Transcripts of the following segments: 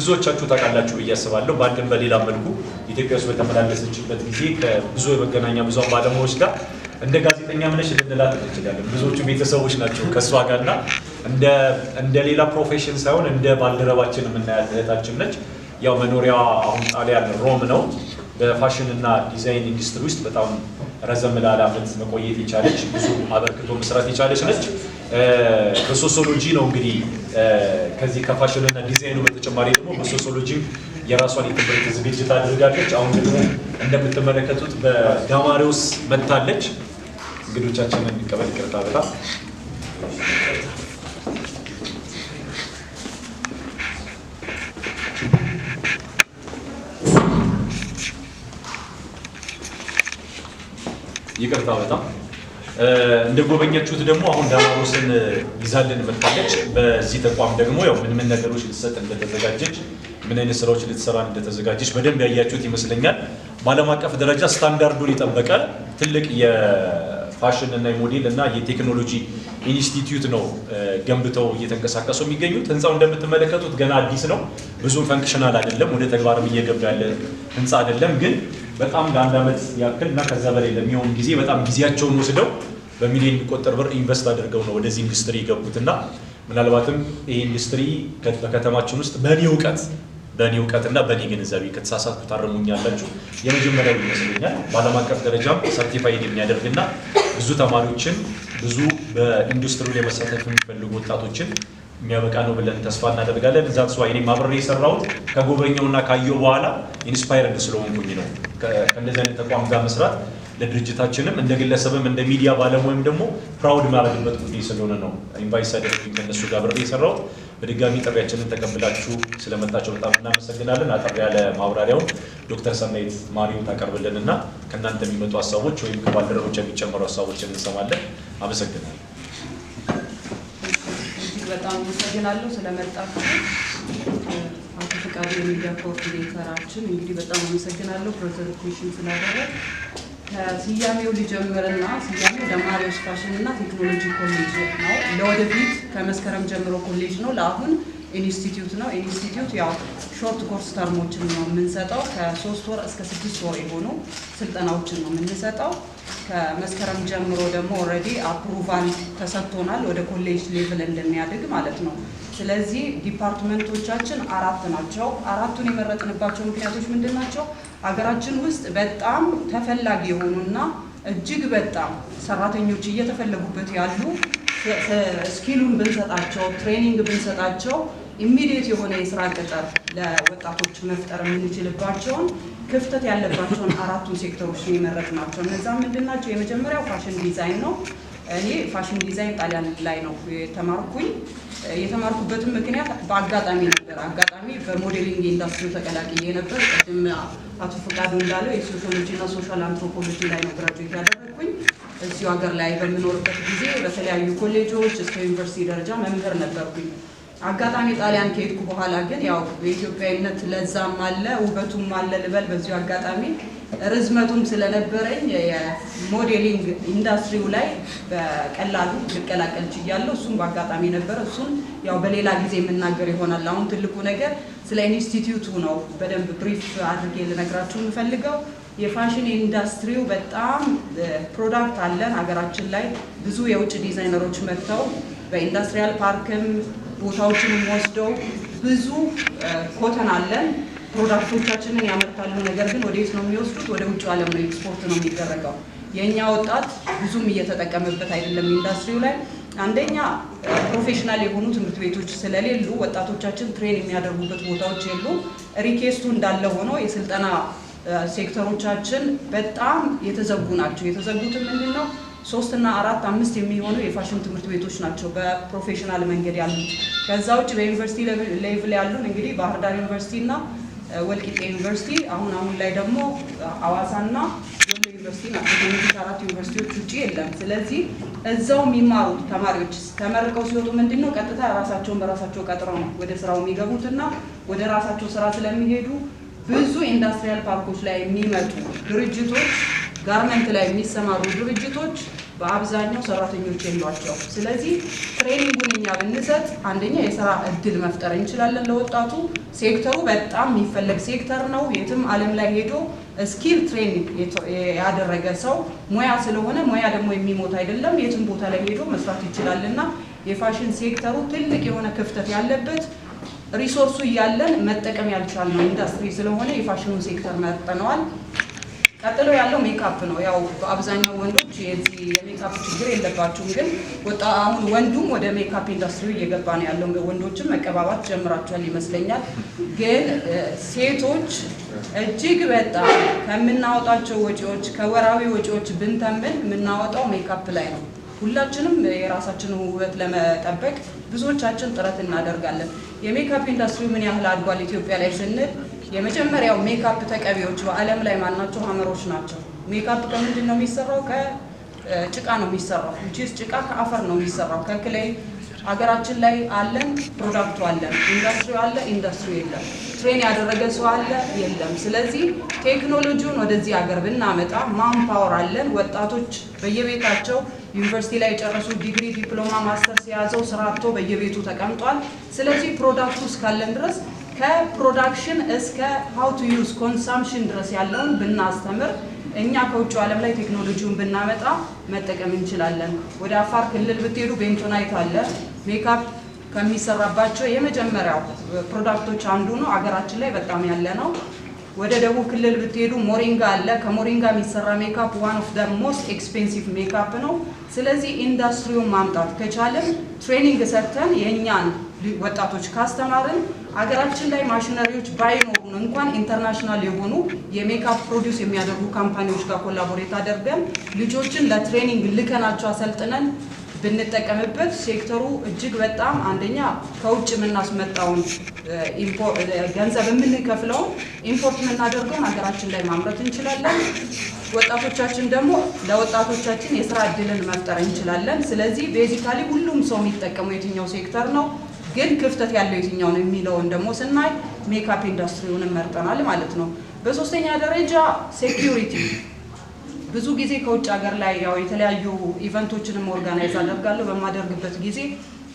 ብዙዎቻችሁ ታውቃላችሁ ብዬ አስባለሁ። በአንድም በሌላ መልኩ ኢትዮጵያ ውስጥ በተመላለሰችበት ጊዜ ከብዙ የመገናኛ ብዙሃን ባለሙያዎች ጋር እንደ ጋዜጠኛ ምነሽ ልንላት እንችላለን። ብዙዎቹ ቤተሰቦች ናቸው ከእሷ ጋርና እንደ ሌላ ፕሮፌሽን ሳይሆን እንደ ባልደረባችን የምናያት እህታችን ነች። ያው መኖሪያዋ አሁን ጣሊያን ሮም ነው። በፋሽንና ዲዛይን ኢንዱስትሪ ውስጥ በጣም ረዘም ላለ ዓመት መቆየት የቻለች ብዙ አበርክቶ መስራት የቻለች ነች። በሶሲዮሎጂ ነው እንግዲህ ከዚህ ከፋሽንና ዲዛይኑ በተጨማሪ ደግሞ በሶሲዮሎጂ የራሷን የትምህርት ዝግጅት አድርጋለች። አሁን ደግሞ እንደምትመለከቱት በጋማሪውስ መጥታለች። እንግዶቻችንን እንቀበል። ይቅርታ በጣም ይቅርታ በጣም እንደጎበኘችሁት ደግሞ አሁን ዳማሮስን ይዛልን መጥታለች። በዚህ ተቋም ደግሞ ያው ምን ምን ነገሮች ልትሰጥ እንደተዘጋጀች፣ ምን አይነት ስራዎች ልትሰራ እንደተዘጋጀች በደንብ ያያችሁት ይመስለኛል። በዓለም አቀፍ ደረጃ ስታንዳርዱን የጠበቀ ትልቅ የፋሽን እና የሞዴል እና የቴክኖሎጂ ኢንስቲትዩት ነው ገንብተው እየተንቀሳቀሱ የሚገኙት። ህንፃው እንደምትመለከቱት ገና አዲስ ነው፣ ብዙም ፈንክሽናል አይደለም፣ ወደ ተግባርም እየገባ ያለ ህንፃ አይደለም ግን በጣም ለአንድ ዓመት ያክል እና ከዛ በላይ ለሚሆን ጊዜ በጣም ጊዜያቸውን ወስደው በሚሊዮን የሚቆጠር ብር ኢንቨስት አድርገው ነው ወደዚህ ኢንዱስትሪ የገቡት እና ምናልባትም ይህ ኢንዱስትሪ በከተማችን ውስጥ በእኔ እውቀት በእኔ እውቀት እና በእኔ ግንዛቤ ከተሳሳትኩ ታረሙኛላችሁ የመጀመሪያው ይመስለኛል። በዓለም አቀፍ ደረጃም ሰርቲፋይድ የሚያደርግና ብዙ ተማሪዎችን ብዙ በኢንዱስትሪ ላይ መሳተፍ የሚፈልጉ ወጣቶችን የሚያበቃ ነው ብለን ተስፋ እናደርጋለን። እዛ ተስፋ እኔ ማብረር የሰራሁት ከጎበኘውና ካየው በኋላ ኢንስፓየርድ ስለሆንኩኝ ነው። ከእንደዚህ አይነት ተቋም ጋር መስራት ለድርጅታችንም እንደ ግለሰብም እንደ ሚዲያ ባለሙያም ደግሞ ፕራውድ ማድረግበት ጉዳይ ስለሆነ ነው ኢንቫይስ ሳደርጉኝ ከነሱ ጋር አብሬ የሰራሁት። በድጋሚ ጥሪያችንን ተቀብላችሁ ስለመጣቸው በጣም እናመሰግናለን። አጠር ያለ ማብራሪያውን ዶክተር ሰናይት ማሪው እና ከእናንተ የሚመጡ ሀሳቦች ወይም ከባልደረቦች የሚጨመሩ ሀሳቦች እንሰማለን። አመሰግናለን። በጣም አመሰግናለሁ ስለመጣችሁ። አቶ ፍቃዱ የሚዲያ ኮኦርዲኔተራችን እንግዲህ በጣም አመሰግናለሁ ፕሬዘንቴሽን ስላደረግ። ከስያሜው ሊጀምርና ስያሜው ለማሪዎች ፋሽን እና ቴክኖሎጂ ኮሌጅ ነው። ለወደፊት ከመስከረም ጀምሮ ኮሌጅ ነው፣ ለአሁን ኢንስቲትዩት ነው። ኢንስቲትዩት ያው ሾርት ኮርስ ተርሞችን ነው የምንሰጠው። ከሶስት ወር እስከ ስድስት ወር የሆኑ ስልጠናዎችን ነው የምንሰጠው። ከመስከረም ጀምሮ ደግሞ ኦልሬዲ አፕሩቫል ተሰጥቶናል ወደ ኮሌጅ ሌቭል እንደሚያድግ ማለት ነው። ስለዚህ ዲፓርትመንቶቻችን አራት ናቸው። አራቱን የመረጥንባቸው ምክንያቶች ምንድን ናቸው? ሀገራችን ውስጥ በጣም ተፈላጊ የሆኑና እጅግ በጣም ሰራተኞች እየተፈለጉበት ያሉ ስኪሉን ብንሰጣቸው ትሬኒንግ ብንሰጣቸው ኢሚዲየት የሆነ የስራ ቅጥር ለወጣቶች መፍጠር የምንችልባቸውን ክፍተት ያለባቸውን አራቱን ሴክተሮች የመረጥ ናቸው። እነዛ ምንድን ናቸው? የመጀመሪያው ፋሽን ዲዛይን ነው። እኔ ፋሽን ዲዛይን ጣሊያን ላይ ነው የተማርኩኝ። የተማርኩበትም ምክንያት በአጋጣሚ ነበር። አጋጣሚ በሞዴሊንግ ኢንዱስትሪ ተቀላቅዬ ነበር። ቅድም አቶ ፈቃዱ እንዳለው የሶሽሎጂ እና ሶሻል አንትሮፖሎጂ ላይ ነው ግራጁዌት ያደረግኩኝ። እዚሁ ሀገር ላይ በምኖርበት ጊዜ በተለያዩ ኮሌጆች እስከ ዩኒቨርሲቲ ደረጃ መምህር ነበርኩኝ። አጋጣሚ ጣሊያን ከሄድኩ በኋላ ግን ያው በኢትዮጵያዊነት ለዛም አለ ውበቱም አለ ልበል። በዚሁ አጋጣሚ ርዝመቱም ስለነበረኝ የሞዴሊንግ ኢንዱስትሪው ላይ በቀላሉ ልቀላቀል ችያለሁ። እሱም በአጋጣሚ ነበረ። እሱም ያው በሌላ ጊዜ የምናገር ይሆናል። አሁን ትልቁ ነገር ስለ ኢንስቲትዩቱ ነው። በደንብ ብሪፍ አድርጌ ልነግራችሁ የምፈልገው የፋሽን ኢንዱስትሪው በጣም ፕሮዳክት አለን ሀገራችን ላይ ብዙ የውጭ ዲዛይነሮች መጥተው በኢንዱስትሪያል ፓርክም ቦታዎችን ወስደው ብዙ ኮተን አለን ፕሮዳክቶቻችንን ያመርታሉ። ነገር ግን ወዴት ነው የሚወስዱት? ወደ ውጭ ዓለም ነው ኤክስፖርት ነው የሚደረገው። የእኛ ወጣት ብዙም እየተጠቀመበት አይደለም ኢንዱስትሪው ላይ። አንደኛ ፕሮፌሽናል የሆኑ ትምህርት ቤቶች ስለሌሉ ወጣቶቻችን ትሬን የሚያደርጉበት ቦታዎች የሉ። ሪኬስቱ እንዳለ ሆኖ የስልጠና ሴክተሮቻችን በጣም የተዘጉ ናቸው። የተዘጉትን ምንድን ነው ሶስትና አራት አምስት የሚሆኑ የፋሽን ትምህርት ቤቶች ናቸው በፕሮፌሽናል መንገድ ያሉት። ከዛ ውጭ በዩኒቨርሲቲ ሌቭል ያሉን እንግዲህ ባህር ዳር ዩኒቨርሲቲ እና ወልቂጤ ዩኒቨርሲቲ አሁን አሁን ላይ ደግሞ ሐዋሳና ወሎ ዩኒቨርሲቲ ናቸው። አራት ዩኒቨርሲቲዎች ውጭ የለም። ስለዚህ እዛው የሚማሩት ተማሪዎች ተመርቀው ሲወጡ ምንድን ነው ቀጥታ ራሳቸውን በራሳቸው ቀጥረው ነው ወደ ስራው የሚገቡትና ወደ ራሳቸው ስራ ስለሚሄዱ ብዙ ኢንዱስትሪያል ፓርኮች ላይ የሚመጡ ድርጅቶች ጋርመንት ላይ የሚሰማሩ ድርጅቶች በአብዛኛው ሰራተኞች የሏቸው። ስለዚህ ትሬኒንጉን እኛ ብንሰጥ አንደኛ የስራ እድል መፍጠር እንችላለን ለወጣቱ። ሴክተሩ በጣም የሚፈለግ ሴክተር ነው። የትም ዓለም ላይ ሄዶ ስኪል ትሬን ያደረገ ሰው ሙያ ስለሆነ ሙያ ደግሞ የሚሞት አይደለም። የትም ቦታ ላይ ሄዶ መስራት ይችላል የፋሽን ሴክተሩ ትልቅ የሆነ ክፍተት ያለበት ሪሶርሱ እያለን መጠቀም ያልቻልነው ኢንዱስትሪ ስለሆነ የፋሽኑን ሴክተር መርጠነዋል። ቀጥሎ ያለው ሜካፕ ነው። ያው አብዛኛው ወንዶች የዚህ የሜካፕ ችግር የለባቸውም፣ ግን ወጣ አሁን ወንዱም ወደ ሜካፕ ኢንዱስትሪው እየገባ ነው ያለው። ወንዶችም መቀባባት ጀምራቸዋል ይመስለኛል። ግን ሴቶች እጅግ በጣም ከምናወጣቸው ወጪዎች ከወራዊ ወጪዎች ብንተምን የምናወጣው ሜካፕ ላይ ነው። ሁላችንም የራሳችንን ውበት ለመጠበቅ ብዙዎቻችን ጥረት እናደርጋለን። የሜካፕ ኢንዱስትሪው ምን ያህል አድጓል ኢትዮጵያ ላይ ስንል የመጀመሪያው ሜካፕ ተቀቢዎች በዓለም ላይ ማናቸው ሀመሮች ናቸው። ሜካፕ ከምንድን ነው የሚሰራው? ከጭቃ ነው የሚሰራው። ቺስ ጭቃ ከአፈር ነው የሚሰራው። ከክሌይ አገራችን ላይ አለን፣ ፕሮዳክቱ አለን፣ ኢንዱስትሪ አለ፣ ኢንዱስትሪ የለም፣ ትሬን ያደረገ ሰው አለ፣ የለም። ስለዚህ ቴክኖሎጂውን ወደዚህ ሀገር ብናመጣ ማምፓወር አለን። ወጣቶች በየቤታቸው ዩኒቨርሲቲ ላይ የጨረሱ ዲግሪ፣ ዲፕሎማ፣ ማስተር ሲያዘው ስራቶ በየቤቱ ተቀምጧል። ስለዚህ ፕሮዳክቱ እስካለን ድረስ ከፕሮዳክሽን እስከ ሀው ቱ ዩዝ ኮንሳምፕሽን ድረስ ያለውን ብናስተምር እኛ ከውጭ ዓለም ላይ ቴክኖሎጂውን ብናመጣ መጠቀም እንችላለን። ወደ አፋር ክልል ብትሄዱ ቤንቶናይት አለ። ሜካፕ ከሚሰራባቸው የመጀመሪያው ፕሮዳክቶች አንዱ ነው። አገራችን ላይ በጣም ያለ ነው። ወደ ደቡብ ክልል ብትሄዱ ሞሪንጋ አለ። ከሞሪንጋ የሚሰራ ሜካፕ ዋን ኦፍ ደ ሞስት ኤክስፔንሲቭ ሜካፕ ነው። ስለዚህ ኢንዱስትሪውን ማምጣት ከቻለም ትሬኒንግ ሰጥተን የእኛን ወጣቶች ካስተማርን አገራችን ላይ ማሽነሪዎች ባይኖሩን እንኳን ኢንተርናሽናል የሆኑ የሜካፕ ፕሮዲውስ የሚያደርጉ ካምፓኒዎች ጋር ኮላቦሬት አድርገን ልጆችን ለትሬኒንግ ልከናቸው አሰልጥነን ብንጠቀምበት ሴክተሩ እጅግ በጣም አንደኛ ከውጭ የምናስመጣውን ገንዘብ የምንከፍለውን ኢምፖርት የምናደርገውን ሀገራችን ላይ ማምረት እንችላለን። ወጣቶቻችን ደግሞ ለወጣቶቻችን የስራ እድልን መፍጠር እንችላለን። ስለዚህ ቤዚካሊ ሁሉም ሰው የሚጠቀመው የትኛው ሴክተር ነው? ግን ክፍተት ያለው ነው የሚለውን ደግሞ ስናይ ሜካፕ ኢንዱስትሪውን መርጠናል ማለት ነው። በሶስተኛ ደረጃ ሴኪሪቲ። ብዙ ጊዜ ከውጭ ሀገር ላይ ያው የተለያዩ ኢቨንቶችንም ኦርጋናይዝ አደርጋለሁ። በማደርግበት ጊዜ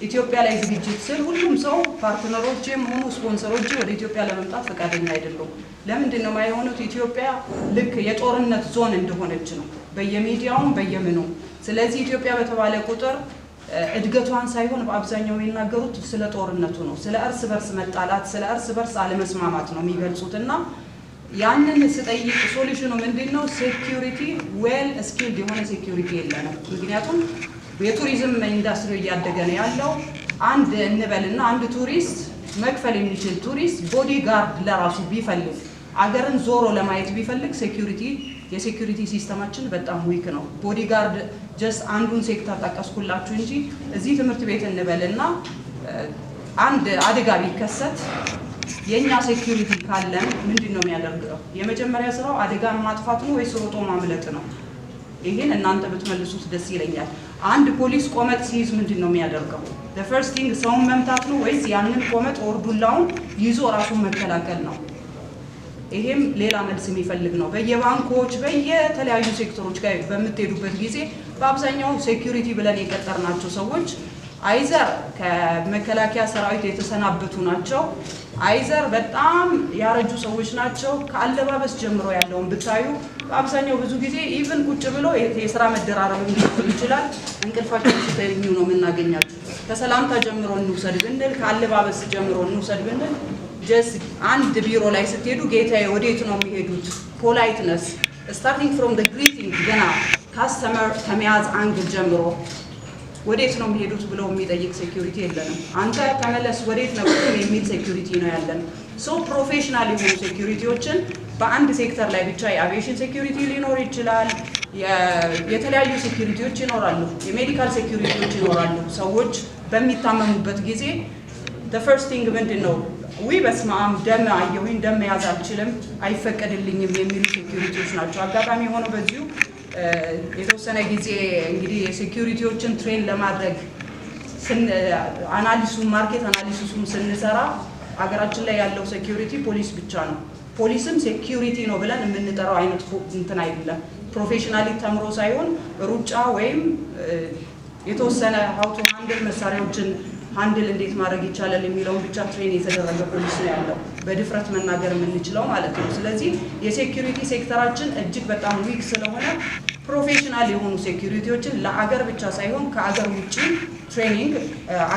ኢትዮጵያ ላይ ዝግጅት ስል ሁሉም ሰው ፓርትነሮችም ሆኑ ስፖንሰሮች ወደ ኢትዮጵያ ለመምጣት ፈቃደኛ አይደሉም። ለምንድን ነው የማይሆኑት? ኢትዮጵያ ልክ የጦርነት ዞን እንደሆነች ነው በየሚዲያውም በየምኑ። ስለዚህ ኢትዮጵያ በተባለ ቁጥር እድገቷን ሳይሆን በአብዛኛው የሚናገሩት ስለ ጦርነቱ ነው፣ ስለ እርስ በርስ መጣላት፣ ስለ እርስ በርስ አለመስማማት ነው የሚገልጹት እና ያንን ስጠይቅ ሶሉሽኑ ምንድን ነው? ሴኪሪቲ ዌል ስኪልድ የሆነ ሴኪሪቲ የለንም። ምክንያቱም የቱሪዝም ኢንዱስትሪ እያደገ ነው ያለው። አንድ እንበልና አንድ ቱሪስት መክፈል የሚችል ቱሪስት ቦዲ ጋርድ ለራሱ ቢፈልግ አገርን ዞሮ ለማየት ቢፈልግ ሴኪሪቲ የሴኩሪቲ ሲስተማችን በጣም ዊክ ነው። ቦዲጋርድ ጀስት አንዱን ሴክተር ጠቀስኩላችሁ እንጂ እዚህ ትምህርት ቤት እንበልና አንድ አደጋ ቢከሰት የእኛ ሴኩሪቲ ካለን ምንድን ነው የሚያደርገው? የመጀመሪያ ስራው አደጋን ማጥፋት ነው ወይስ ሮጦ ማምለጥ ነው? ይህን እናንተ ብትመልሱት ደስ ይለኛል። አንድ ፖሊስ ቆመጥ ሲይዝ ምንድን ነው የሚያደርገው? ፈርስት ቲንግ ሰውን መምታት ነው ወይስ ያንን ቆመጥ ኦርዱላውን ዱላውን ይዞ ራሱን መከላከል ነው? ይሄም ሌላ መልስ የሚፈልግ ነው። በየባንኮች በየተለያዩ ሴክተሮች ጋር በምትሄዱበት ጊዜ በአብዛኛው ሴኩሪቲ ብለን የቀጠርናቸው ሰዎች አይዘር ከመከላከያ ሰራዊት የተሰናበቱ ናቸው፣ አይዘር በጣም ያረጁ ሰዎች ናቸው። ከአለባበስ ጀምሮ ያለውን ብታዩ በአብዛኛው ብዙ ጊዜ ኢቭን ቁጭ ብሎ የስራ መደራረብ ሊሆን ይችላል። እንቅልፋቸው ሲተኙ ነው የምናገኛቸው። ከሰላምታ ጀምሮ እንውሰድ ብንል፣ ከአለባበስ ጀምሮ እንውሰድ ብንል ጀስ አንድ ቢሮ ላይ ስትሄዱ ጌታዬ ወዴት ነው የሚሄዱት? ፖላይትነስ ስታርቲንግ ፍሮም ግሪቲንግ ገና ካስተመር ከመያዝ አንግል ጀምሮ ወዴት ነው የሚሄዱት ብለው የሚጠይቅ ሴኪሪቲ የለንም። አንተ ተመለስ ወዴት ነው የሚል ሴኪሪቲ ነው ያለን። ሶ ፕሮፌሽናል የሆኑ ሴኪሪቲዎችን በአንድ ሴክተር ላይ ብቻ የአቪዬሽን ሴኪሪቲ ሊኖር ይችላል። የተለያዩ ሴኪሪቲዎች ይኖራሉ። የሜዲካል ሴኪሪቲዎች ይኖራሉ። ሰዎች በሚታመሙበት ጊዜ ፈርስት ቲንግ ምንድን ነው ውይ በስመ አብ ደም አየሁኝ፣ ደም መያዝ አልችልም፣ አይፈቀድልኝም የሚሉ ሴኪሪቲዎች ናቸው። አጋጣሚ የሆነው በዚሁ የተወሰነ ጊዜ እንግዲህ የሴኪሪቲዎችን ትሬን ለማድረግ አናሊሱን ማርኬት አናሊሲሱም ስንሰራ አገራችን ላይ ያለው ሴኪሪቲ ፖሊስ ብቻ ነው። ፖሊስም ሴኪሪቲ ነው ብለን የምንጠራው አይነት እንትን አይደለም። ፕሮፌሽናሊ ተምሮ ሳይሆን ሩጫ ወይም የተወሰነ ሀውቶ ሃንድል መሳሪያዎችን ሀንድል እንዴት ማድረግ ይቻላል የሚለውን ብቻ ትሬን የተደረገ ፖሊስ ነው ያለው፣ በድፍረት መናገር የምንችለው ማለት ነው። ስለዚህ የሴኪሪቲ ሴክተራችን እጅግ በጣም ዊክ ስለሆነ ፕሮፌሽናል የሆኑ ሴኪሪቲዎችን ለአገር ብቻ ሳይሆን ከአገር ውጭ ትሬኒንግ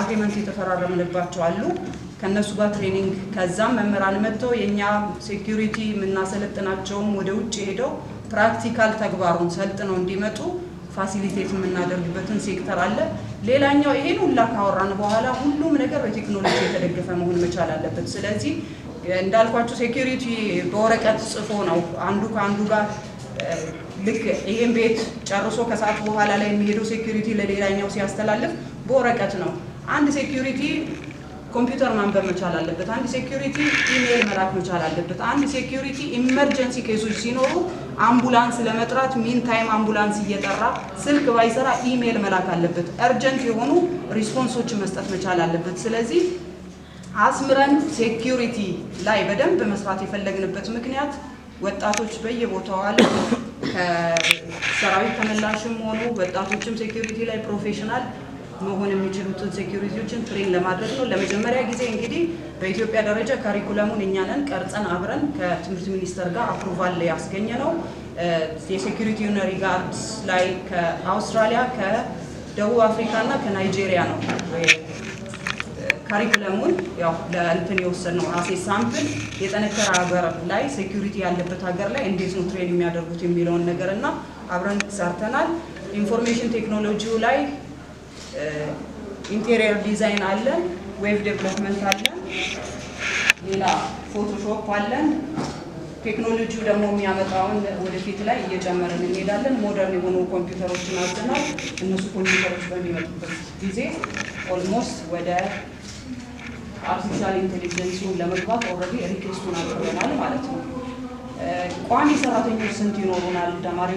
አግሪመንት የተፈራረምንባቸው አሉ። ከእነሱ ጋር ትሬኒንግ ከዛም መምህራን መጥተው የእኛ ሴኪሪቲ የምናሰለጥናቸውም ወደ ውጭ ሄደው ፕራክቲካል ተግባሩን ሰልጥነው እንዲመጡ ፋሲሊቴት የምናደርግበትን ሴክተር አለ። ሌላኛው ይሄን ሁላ ካወራን በኋላ ሁሉም ነገር በቴክኖሎጂ የተደገፈ መሆን መቻል አለበት። ስለዚህ እንዳልኳቸው ሴኪሪቲ በወረቀት ጽፎ ነው አንዱ ከአንዱ ጋር ልክ ይሄን ቤት ጨርሶ ከሰዓት በኋላ ላይ የሚሄደው ሴኪሪቲ ለሌላኛው ሲያስተላልፍ በወረቀት ነው። አንድ ሴኪሪቲ ኮምፒውተር ማንበብ መቻል አለበት። አንድ ሴኪሪቲ ኢሜይል መላክ መቻል አለበት። አንድ ሴኪሪቲ ኢመርጀንሲ ኬሶች ሲኖሩ አምቡላንስ ለመጥራት ሚን ታይም አምቡላንስ እየጠራ ስልክ ባይሰራ ኢሜይል መላክ አለበት። እርጀንት የሆኑ ሪስፖንሶች መስጠት መቻል አለበት። ስለዚህ አስምረን ሴኪሪቲ ላይ በደንብ መስራት የፈለግንበት ምክንያት ወጣቶች በየቦታው አለ። ከሰራዊት ተመላሽም ሆኑ ወጣቶችም ሴኪሪቲ ላይ ፕሮፌሽናል መሆን የሚችሉትን ሴኪሪቲዎችን ትሬን ለማድረግ ነው። ለመጀመሪያ ጊዜ እንግዲህ በኢትዮጵያ ደረጃ ካሪኩለሙን እኛ ነን ቀርጸን አብረን ከትምህርት ሚኒስቴር ጋር አፕሩቫል ያስገኘ ነው። የሴኪሪቲውን ሪጋርድስ ላይ ከአውስትራሊያ፣ ከደቡብ አፍሪካ እና ከናይጄሪያ ነው ካሪኩለሙን ያው ለእንትን የወሰድ ነው ራሴ ሳምፕል የጠነከረ ሀገር ላይ ሴኪሪቲ ያለበት ሀገር ላይ እንዴት ነው ትሬን የሚያደርጉት የሚለውን ነገር እና አብረን ሰርተናል። ኢንፎርሜሽን ቴክኖሎጂው ላይ ኢንቴሪየር ዲዛይን አለን፣ ዌብ ዴቨሎፕመንት አለን፣ ሌላ ፎቶሾፕ አለን። ቴክኖሎጂው ደግሞ የሚያመጣውን ወደፊት ላይ እየጨመርን እንሄዳለን። ሞደርን የሆኑ ኮምፒውተሮችን አዝናል። እነሱ ኮምፒውተሮች በሚመጡበት ጊዜ ኦልሞስት ወደ አርቲፊሻል ኢንቴሊጀንሱን ለመግባት ኦልሬዲ ሪኩዌስቱን አቅርበናል ማለት ነው። ቋሚ ሰራተኞች ስንት ይኖሩናል? ተማሪዎች